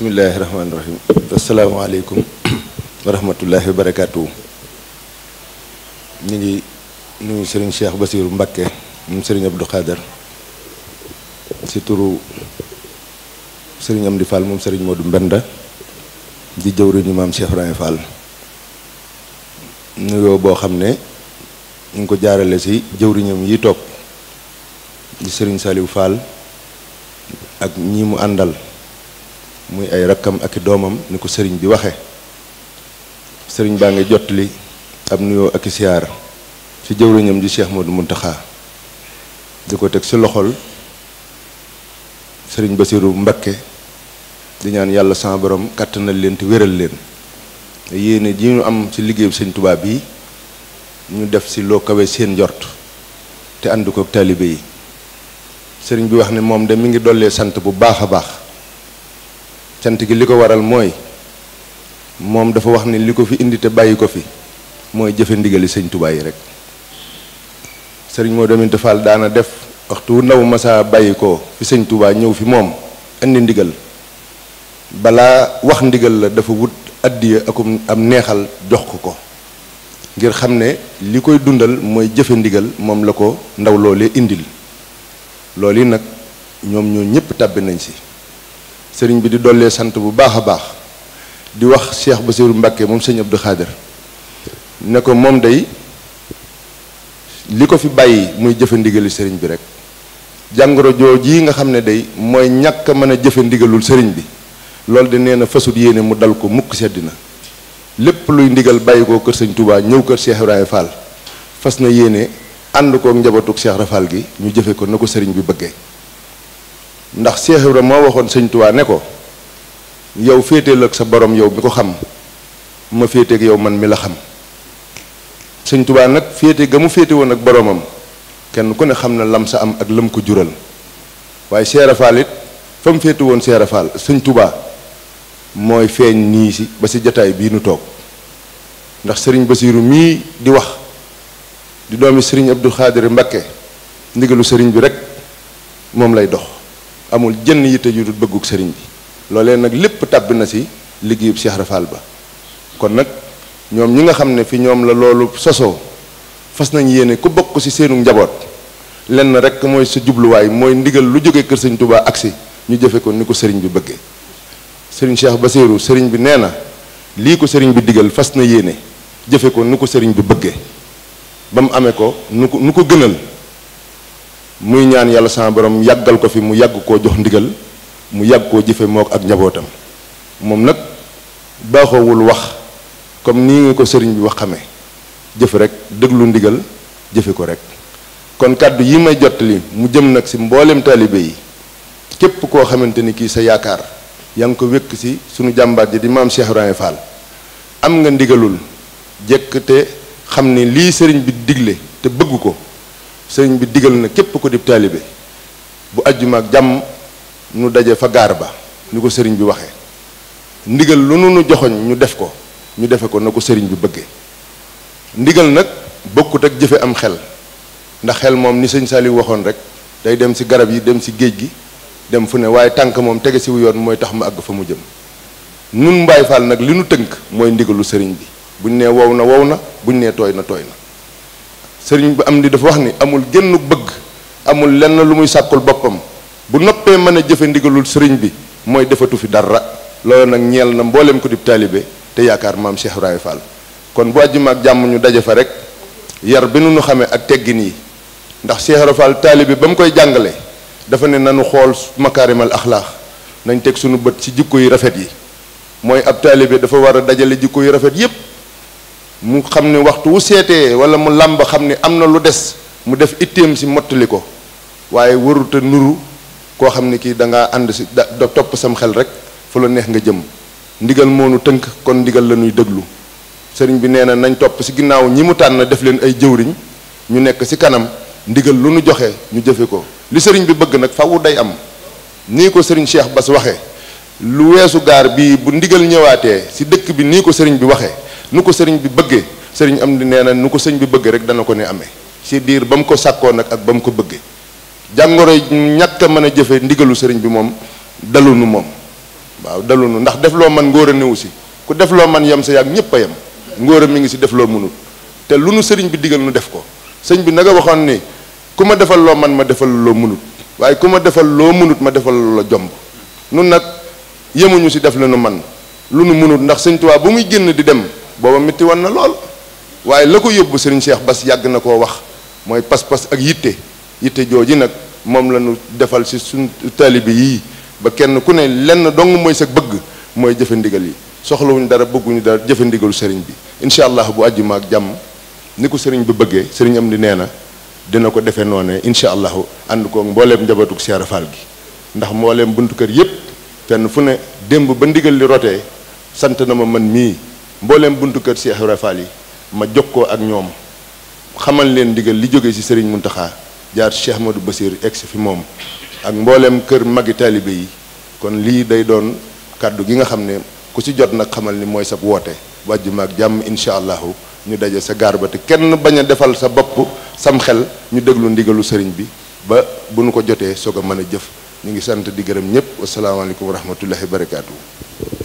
bismillaahi rahmaani rahim asalaamaaleykum wa rahmatullaahi barakaatu ñu ngi nuyu sëriñ Cheikh Basiiru Mbakke moom sëriñ Abdou Khader si turu sëriñ Amdi Fall moom sëriñ Modou Mbenda di jëwriñu maam Cheikh Ibrahima Fall nuyoo boo xam ne ñu ngi ko jaarale si jëwriñam yi toog di sëriñ Saliou Fall ak ñi mu àndal muy ay rakkam ak i doomam ni ko sëriñ bi waxe sëriñ baa ngi jot li ab nuyoo ak i siyaar ci jëwriñam ji du Modou Mountakha di ko teg ci loxol sëriñ Basirou Mbakke di ñaan yàlla sama borom kàttanal leen te wéral leen yéene ji am ci liggéeyu sëñ bi ñu def ci loo kawe seen njort te ànd ko taalibe yi sëriñ bi wax ne moom de mi ngi dollee sant bu baax a baax cant gi li ko waral mooy moom dafa wax ni li ko fi indi te bàyyi ko fi mooy jëfe ndigali sëñ Tuubaa yi rek sëriñ moo Modou Aminta Fall daana def waxtu wu ndaw masaa bàyyi ko fi sëñ Tuubaa ñëw fi moom indi ndigal balaa wax ndigal la dafa wut addiya akum am neexal jox ko ko ngir xam ne li koy dundal mooy jëfe ndigal moom la ko ndaw loolee indil loolu yi nag ñoom ñoo ñëpp tàbbi nañ si Sering bi di dollee sant bu baakha a baax di wax Cheikh basirou Mbacké mom serigne Abdou Khader ne ko mom day liko fi bayyi muy jëfe serigne bi rek jangoro joji ji nga xam day moy ñak a mën serigne bi lol de neena na yene mu dal ko mukk sedina lepp luy ndigal bayiko keur serigne Touba ñew keur Cheikh ibrahim Fall fas na yéene ànd kook njabootug Cheikh Rafal gi ñu jëfe ko nako serigne bi ndax Cheikh Ibra moo waxoon sëñ Tuubaa ne ko yow féeteel ak sa boroom yow bi ko xam ma féeteeg yow man mi la xam sëñ Tuubaa nag féete ga mu féete woon ak boroomam kenn ku ne xam na lam sa am ak lam ko jural waaye Cheikh Fall it fa mu féete woon Cheikh Fall sëñ Tuubaa mooy feeñ nii si ba si jataay bii nu toog ndax sëriñ Basiiru mii di wax di doomi sëriñ Abdou Khadir Mbakke ndigalu sëriñ bi rek moom lay dox amul jënn yitte yu dul bëggug sëriñ bi loolee nag lépp tàbbi na si liggéeyub Cheikh Rafal ba kon nag ñoom ñi nga xam ne fi ñoom la loolu sosoo fas nañ yéene ku bokk si seenu njaboot lenn rek mooy sa jubluwaay mooy ndigal lu jóge kër sëñ Touba agsi ñu jëfe ko ni ko sëriñ bi bëggee sëriñ Cheikh Basirou sëriñ bi nee na lii ko sëriñ bi digal fas na yéene jëfe ko ni ko sëriñ bi bëggee ba mu amee ko nu ko nu ko gënal muy ñaan yalla sa borom yagal ko fi mu yag ko jox ndigal mu yag ko jife mok ak njabotam mom nak baxawul wax comme ni nga ko serigne bi waxame jëf rek deglu ndigal jëfé ko rek kon kaddu yi may jotali mu jëm nak ci mbollem talibé yi képp ko xamanteni ki sa yang ko ci sunu jambat jadi di maam Cheikh Ibrahima Fall am nga ndigalul jekk xamni li serigne bi digle te bëgg ko sëriñ bi digal na képp ko dib taalibe bu àjjuma jàmm nu daje fa gaar ba ñu ko sëriñ bi waxee ndigal lu nu nu joxoñ ñu def ko ñu defe ko na ko sëriñ bi bëggee ndigal nag bokkut ak jëfe am xel ndax xel moom ni sëñ Saliou waxoon rek day dem ci garab yi dem ci géej gi dem fu ne waaye tànk moom tege ci wu yoon mooy tax mu àgg fa mu jëm nun mbaay faal nag li nu tënk mooy ndigalu sëriñ bi buñ nee wow na wow na buñ nee tooy na tooy na sëriñ bi am di dafa wax ni amul génn bëgg amul lenn lu muy sàkkul boppam bu noppee mën a jëfe ndigalul sëriñ bi mooy defatu fi dara loolu nag ñeel na mbooleem ko di taalibe te yaakaar maam Cheikh Ibrahima kon bu àjjuma ak jàmm ñu daje fa rek yar bi nu nu xamee ak teggin yi ndax Cheikh Ibrahima Fall ba mu koy jàngale dafa ne nanu xool makaarimal axlaax nañ teg suñu bët ci jikko yu rafet yi mooy ab taalibe dafa war a dajale jikko yu rafet yépp mu xamni waxtu wu sété wala mu lamb xamni amna lu dess mu def itim ci mottali ko waruta nuru ko xamni ki da nga and ci da top sam xel rek fu lu neex nga jëm ndigal moonu teunk kon ndigal la nuy deglu serign bi neena na nañ top ci ginaaw ñi mu tan def leen ay jëwriñ ñu nekk ci kanam ndigal lu nu joxe ñu jëfé ko li serign bi bëgg nak fawu day am ni ko serign Cheikh Bass waxe lu wésu gar bi bu ndigal ñëwaaté ci dëkk bi ni ko serign bi nuko sering bi bëggee sëriñ am di nuko sering bi bëggee rek dana ko ne ame. si diir ba ko sakko nak ak bam ko bëggee jangoro ñatt mëna jëfé ndigalu sëriñ bi mom dalunu mom waaw dalunu ndax def lo man ngoro a ci si ku def lo man yam sa yak ñëpp yam ngoro mi ngi si def lo munut te lu nu bi digal nu def ko bi naga waxon ni kuma defal lo man ma defal lo munut waye kuma defal lo munut ma defal lo jomb nun nak yemuñu si def la nu man lu nu munut ndax sëñ tuwaa bu muy genn di dem booba métti wan na lool waaye la ko yóbbu sëriñ Cheikh Bass yàgg na koo wax mooy pas-pas ak yitte yitte jooji nag moom la ñu defal si suñ taalibe yii ba kenn ku ne lenn dong mooy sa bëgg mooy jëfe ndigal yi soxlawuñ dara bëgguñu dara jëfe ndigalu sëriñ bi incha allah bu àjjuma ak jàmm ni ko sëriñ bi bëggee sëriñ am di nee na dina ko defee noonu incha allahu ànd koog mbooleem njabootug Cheikh Fall gi ndax mbooleem buntu kër yépp fenn fu ne démb ba ndigal li sant na ma man mii mbooleem buntu kër Cheikh Ibra yi ma jog jokkoo ak ñoom xamal leen ndigal li jóge ci Serigne Mountakha jaar Cheikh Ahmadou Bassir ex fi moom ak mbooleem kër magi taalibe yi kon lii day doon kàddu gi nga xam ne ku ci jot nag xamal ni mooy sab woote wàjju maak jàmm incha allahu ñu daje sa gaar ba te kenn bañ a defal sa bopp sam xel ñu déglu ndigalu sëriñ bi ba bu nu ko jotee soog a mën a jëf ñu ngi sant di gërëm ñëpp wasalaamaaleykum wa rahmatullahi wa